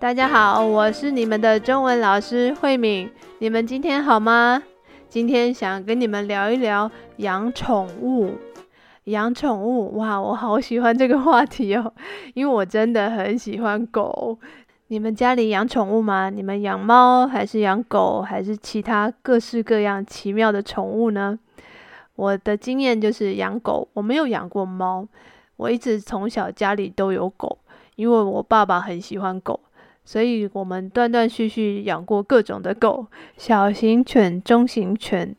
大家好，我是你們的中文老師慧敏。你們今天好嗎？今天想跟你們聊一聊養寵物。養寵物，哇，我好喜歡這個話題哦，因為我真的很喜歡狗。你們家裡養寵物嗎？你們養貓還是養狗，還是其他各式各樣奇妙的寵物呢？我的經驗就是養狗，我沒有養過貓，我一直從小家裡都有狗，因為我爸爸很喜歡狗。所以我們斷斷續續養過各種的狗，小型犬、中型犬、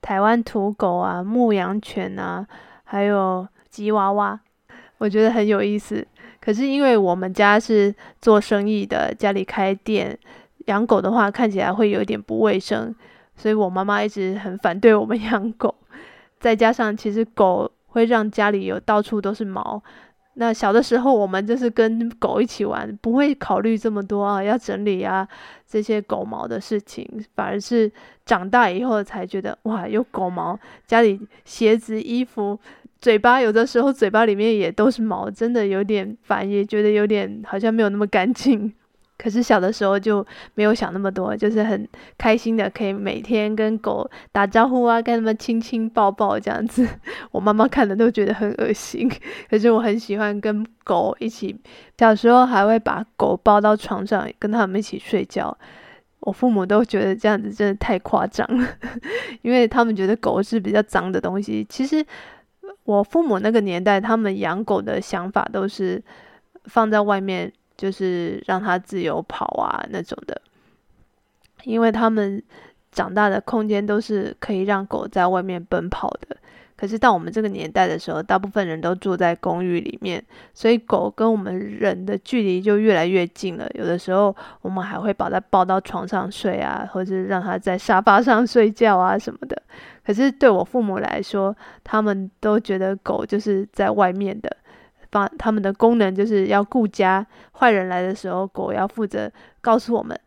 台灣土狗啊、牧羊犬啊，還有吉娃娃，我覺得很有意思。可是因為我們家是做生意的，家裡開店，養狗的話看起來會有點不衛生，所以我媽媽一直很反對我們養狗。再加上其實狗會讓家裡有到處都是毛。那小的時候，我們就是跟狗一起玩，不會考慮這麼多啊，要整理啊這些狗毛的事情，反而是長大以後才覺得，哇，有狗毛，家裡鞋子、衣服、嘴巴，有的時候嘴巴裡面也都是毛，真的有點煩，也覺得有點好像沒有那麼乾淨。可是小的時候就沒有想那麼多，就是很開心的，可以每天跟狗打招呼啊，跟他們親親抱抱這樣子。我媽媽看了都覺得很惡心，可是我很喜歡跟狗一起。小時候還會把狗抱到床上，跟他們一起睡覺。我父母都覺得這樣子真的太誇張了，因為他們覺得狗是比較髒的東西。其實我父母那個年代，他們養狗的想法都是放在外面。就是讓它自由跑啊那種的，因為他們長大的空間都是可以讓狗在外面奔跑的。可是到我們這個年代的時候，大部分人都住在公寓裡面，所以狗跟我們人的距離就越來越近了。有的時候我們還會把它抱到床上睡啊，或者是讓它在沙發上睡覺啊什麼的。可是對我父母來說，他們都覺得狗就是在外面的。把他們的功能就是要顧家，壞人來的時候，狗要負責告訴我們，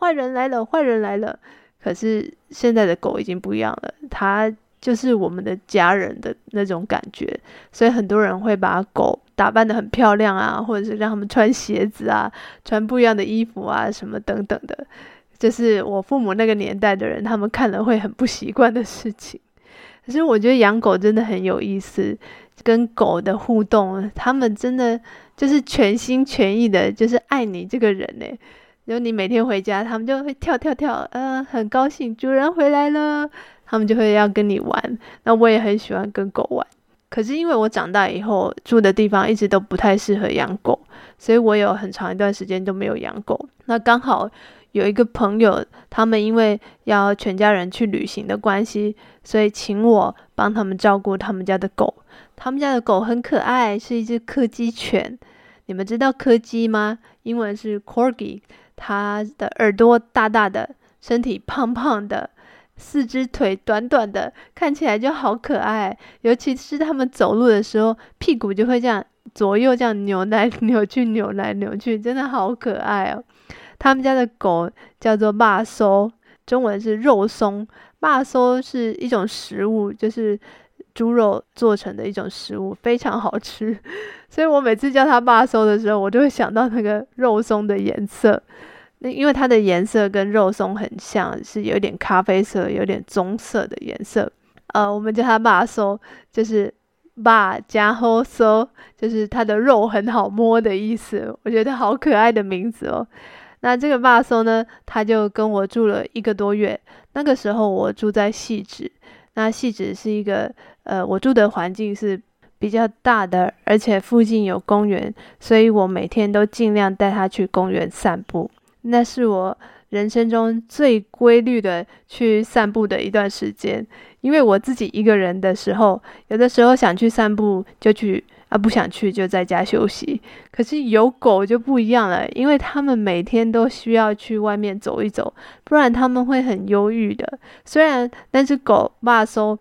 壞人來了，壞人來了。可是現在的狗已經不一樣了，它就是我們的家人的那種感覺，所以很多人會把狗打扮得很漂亮啊，或者是讓他們穿鞋子啊，穿不一樣的衣服啊，什麼等等的，這、就是我父母那個年代的人，他們看了會很不習慣的事情。可是我覺得養狗真的很有意思。跟狗的互動，他們真的就是全心全意的，就是愛你這個人誒，然後你每天回家，他們就會跳跳跳，嗯、呃，很高興主人回來了，他們就會要跟你玩。那我也很喜歡跟狗玩，可是因為我長大以後住的地方一直都不太適合養狗，所以我有很長一段時間都沒有養狗。那剛好有一個朋友，他們因為要全家人去旅行的關係，所以請我幫他們照顧他們家的狗。他們家的狗很可愛，是一隻科基犬。你們知道科基嗎？英文是 Corgi。它的耳朵大大的，身體胖胖的，四隻腿短短的，看起來就好可愛。尤其是它們走路的時候，屁股就會這樣左右這樣扭來扭去、扭來扭去，真的好可愛哦。他們家的狗叫做巴松，中文是肉鬆。巴松是一種食物，就是，豬肉做成的一種食物，非常好吃。所以我每次叫他“爸搜”的時候，我就會想到那個肉鬆的顏色。那因為它的顏色跟肉鬆很像，是有點咖啡色，有點棕色的顏色。呃，我們叫他“爸搜”，就是“爸”加“後搜”，就是它的肉很好摸的意思。我覺得好可愛的名字哦。那這個“爸搜”呢，他就跟我住了一個多月。那個時候我住在汐止。那細子是一個，呃，我住的環境是比較大的，而且附近有公園，所以我每天都盡量帶他去公園散步。那是我人生中最規律的去散步的一段時間，因為我自己一個人的時候，有的時候想去散步就去。啊，不想去就在家休息。可是有狗就不一樣了，因為他們每天都需要去外面走一走，不然他們會很憂鬱的。雖然那只狗爸說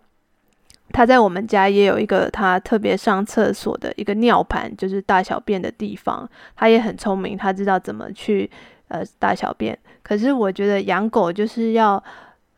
他在我們家也有一個他特別上廁所的一個尿盤，就是大小便的地方。他也很聰明，他知道怎麼去呃大小便。可是我覺得養狗就是要。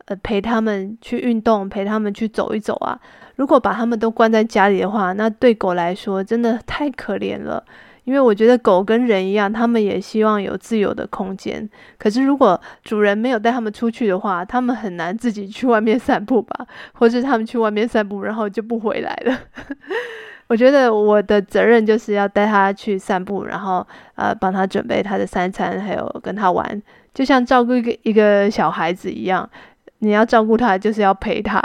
呃，陪他們去運動，陪他們去走一走啊。如果把他們都關在家裡的話，那對狗來說真的太可憐了。因為我覺得狗跟人一樣，他們也希望有自由的空間。可是如果主人沒有帶他們出去的話，他們很難自己去外面散步吧？或是他們去外面散步，然後就不回來了。 我覺得我的責任就是要帶他去散步，然後呃，幫他準備他的三餐，還有跟他玩，就像照顧一個一個小孩子一樣。你要照顧他，就是要陪他，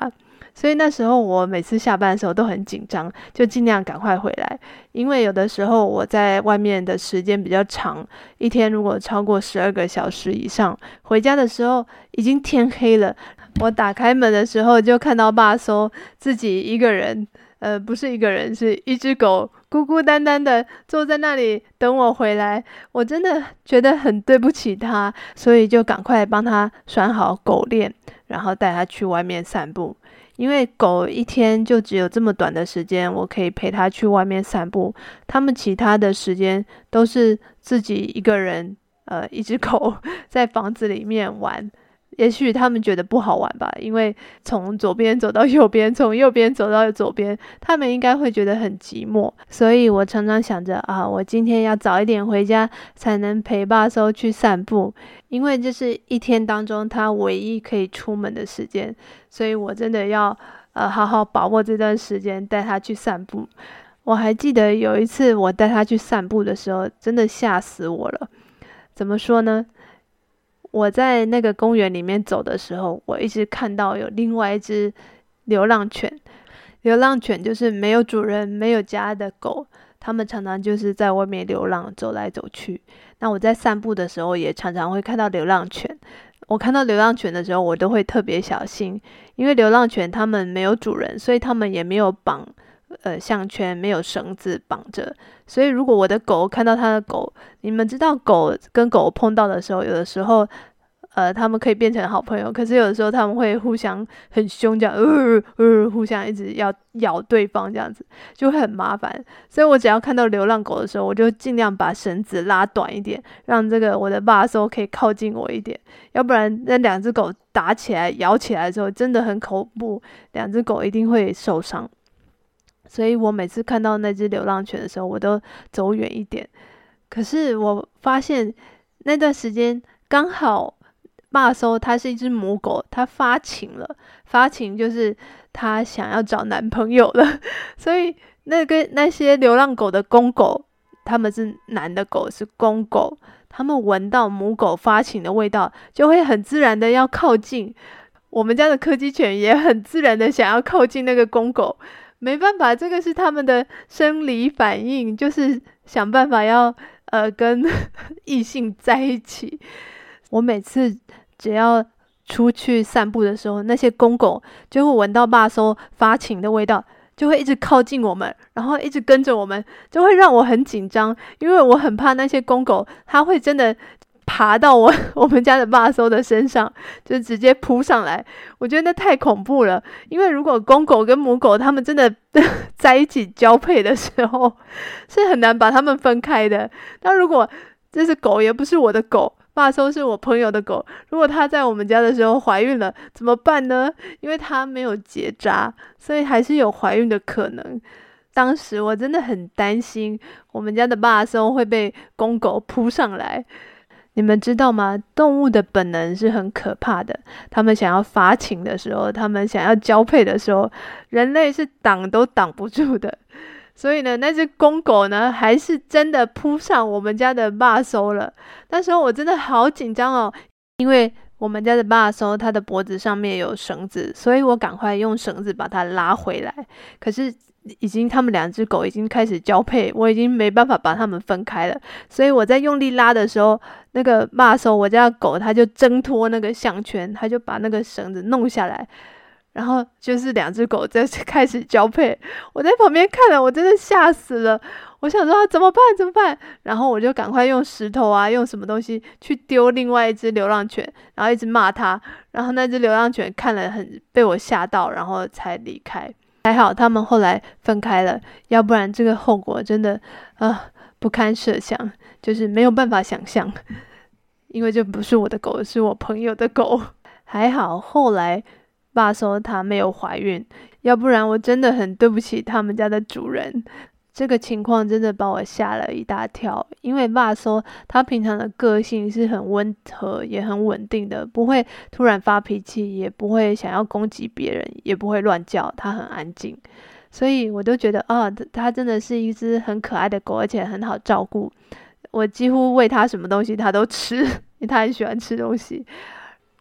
所以那時候我每次下班的時候都很緊張，就儘量趕快回來，因為有的時候我在外面的時間比較長，一天如果超過十二個小時以上，回家的時候已經天黑了。我打開門的時候，就看到爸說自己一個人，呃，不是一個人，是一只狗孤孤單單的坐在那裡等我回來。我真的覺得很對不起他，所以就趕快幫他拴好狗鏈，然後帶他去外面散步。因為狗一天就只有這麼短的時間，我可以陪他去外面散步。他們其他的時間都是自己一個人，呃，一只狗在房子裡面玩。也許他們覺得不好玩吧，因為從左邊走到右邊，從右邊走到左邊，他們應該會覺得很寂寞。所以我常常想着啊，我今天要早一點回家，才能陪爸叔去散步，因為這是一天當中他唯一可以出門的時間。所以我真的要呃好好把握這段時間，帶他去散步。我還記得有一次我帶他去散步的時候，真的嚇死我了。怎麼說呢？我在那個公園裡面走的時候，我一直看到有另外一隻流浪犬。流浪犬就是沒有主人、沒有家的狗，它們常常就是在外面流浪，走來走去。那我在散步的時候也常常會看到流浪犬。我看到流浪犬的時候，我都會特別小心，因為流浪犬它們沒有主人，所以它們也沒有綁，呃，項圈，沒有繩子綁着。所以，如果我的狗看到他的狗，你們知道狗跟狗碰到的時候，有的時候，呃，他們可以變成好朋友，可是有的時候他們會互相很兇，這樣，呃呃，互相一直要咬，咬對方，這樣子就會很麻煩。所以我只要看到流浪狗的時候，我就儘量把繩子拉短一點，讓這個我的巴搜可以靠近我一點，要不然那兩只狗打起來、咬起來的時候，真的很恐怖，兩只狗一定會受傷。所以我每次看到那隻流浪犬的時候，我都走遠一點。可是我發現那段時間剛好，那時候它是一隻母狗，它發情了。發情就是它想要找男朋友了。所以那個那些流浪狗的公狗，他們是男的狗，是公狗，他們聞到母狗發情的味道，就會很自然的要靠近。我們家的柯基犬也很自然的想要靠近那個公狗。沒辦法，這個是他們的生理反應，就是想辦法要呃跟呵呵異性在一起。我每次只要出去散步的時候，那些公狗就會聞到爸說發情的味道，就會一直靠近我們，然後一直跟着我們，就會讓我很緊張，因為我很怕那些公狗，它會真的。爬到我我們家的巴搜的身上，就直接撲上來。我覺得那太恐怖了，因為如果公狗跟母狗它們真的在一起交配的時候，是很難把它們分開的。但如果這是狗，也不是我的狗，巴搜是我朋友的狗。如果它在我們家的時候懷孕了，怎麼辦呢？因為它沒有結扎，所以還是有懷孕的可能。當時我真的很擔心我們家的巴搜會被公狗撲上來。你們知道嗎？動物的本能是很可怕的。它們想要發情的時候，它們想要交配的時候，人類是擋都擋不住的。所以呢，那只公狗呢，還是真的撲上我們家的霸收了。那時候我真的好緊張哦，因為我們家的霸收它的脖子上面有繩子，所以我趕快用繩子把它拉回來。可是，已經，他們兩只狗已經開始交配，我已經沒辦法把它們分開了。所以我在用力拉的時候，那個罵的時候，我家狗，它就掙脫那個項圈，它就把那個繩子弄下來，然後就是兩只狗在開始交配。我在旁邊看了，我真的嚇死了。我想說、啊、怎麼辦？怎麼辦？然後我就趕快用石頭啊，用什麼東西去丟另外一只流浪犬，然後一直罵它。然後那只流浪犬看了很被我嚇到，然後才離開。還好他們後來分開了，要不然這個後果真的，啊、呃，不堪設想，就是沒有辦法想象，因為這不是我的狗，是我朋友的狗。還好後來爸說他沒有懷孕，要不然我真的很對不起他們家的主人。這個情況真的把我嚇了一大跳，因為爸說他平常的個性是很溫和也很穩定的，不會突然發脾氣，也不會想要攻擊別人，也不會亂叫，他很安靜。所以我都覺得啊，他真的是一隻很可愛的狗，而且很好照顧。我幾乎餵他什麼東西，他都吃，因為他很喜歡吃東西。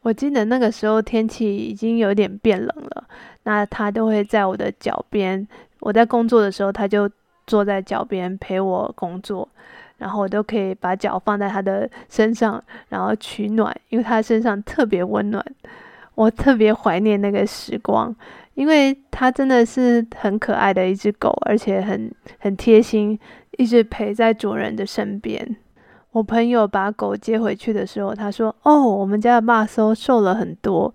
我記得那個時候天氣已經有點變冷了，那他都會在我的腳邊。我在工作的時候，他就。坐在腳邊陪我工作，然後我都可以把腳放在它的身上，然後取暖，因為它身上特別溫暖。我特別懷念那個時光，因為它真的是很可愛的一隻狗，而且很很貼心，一直陪在主人的身邊。我朋友把狗接回去的時候，他說：“哦，我們家的馬蘇瘦了很多。”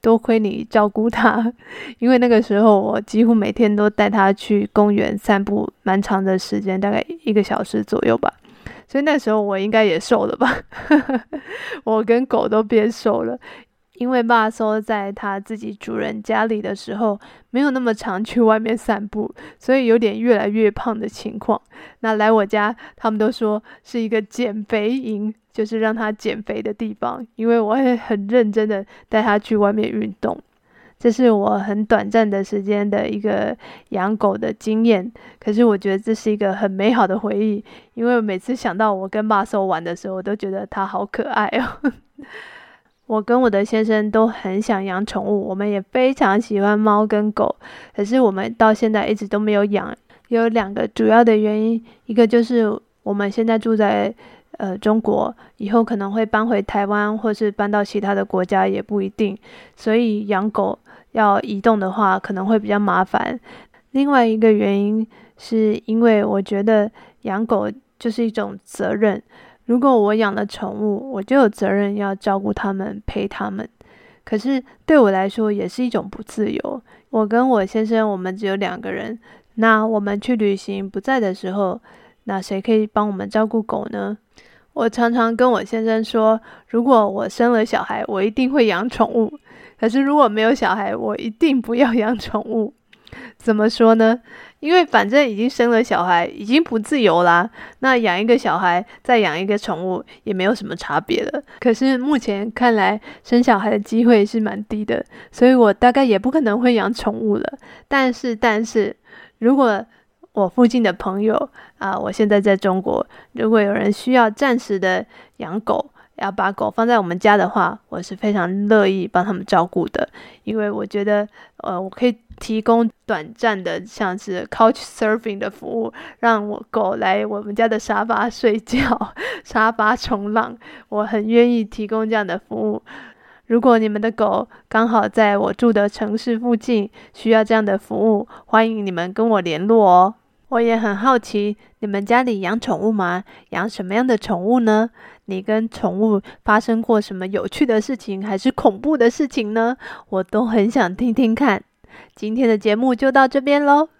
多虧你照顧它，因為那個時候我幾乎每天都帶它去公園散步，蠻長的時間，大概一個小時左右吧。所以那時候我應該也瘦了吧， 我跟狗都變瘦了。因為巴收在他自己主人家裡的時候，沒有那麼常去外面散步，所以有點越來越胖的情況。那來我家，他們都說是一個減肥營，就是讓他減肥的地方。因為我會很認真的帶他去外面運動。這是我很短暫的時間的一個養狗的經驗，可是我覺得這是一個很美好的回憶，因為每次想到我跟巴收玩的時候，我都覺得他好可愛哦。我跟我的先生都很想養寵物，我們也非常喜歡貓跟狗，可是我們到現在一直都沒有養，有兩個主要的原因，一個就是我們現在住在呃中國，以後可能會搬回台灣，或是搬到其他的國家也不一定，所以養狗要移動的話可能會比較麻煩。另外一個原因是因為我覺得養狗就是一種責任。如果我養了寵物，我就有責任要照顧他們、陪他們。可是對我來說，也是一種不自由。我跟我先生，我們只有兩個人，那我們去旅行不在的時候，那誰可以幫我們照顧狗呢？我常常跟我先生說，如果我生了小孩，我一定會養寵物。可是如果沒有小孩，我一定不要養寵物。怎麼說呢？因為反正已經生了小孩，已經不自由啦、啊。那養一個小孩，再養一個寵物，也沒有什麼差別了。可是目前看來，生小孩的機會是蠻低的，所以我大概也不可能會養寵物了。但是，但是，如果我附近的朋友啊，我現在在中國，如果有人需要暫時的養狗。要把狗放在我們家的話，我是非常樂意幫他們照顧的，因為我覺得，呃，我可以提供短暫的像是 couch surfing 的服務，讓我狗來我們家的沙發睡覺、沙發衝浪，我很願意提供這樣的服務。如果你們的狗剛好在我住的城市附近需要這樣的服務，歡迎你們跟我聯絡哦。我也很好奇，你們家裡養寵物嗎？養什麼樣的寵物呢？你跟寵物發生過什麼有趣的事情，還是恐怖的事情呢？我都很想聽聽看。今天的節目就到這邊嘍。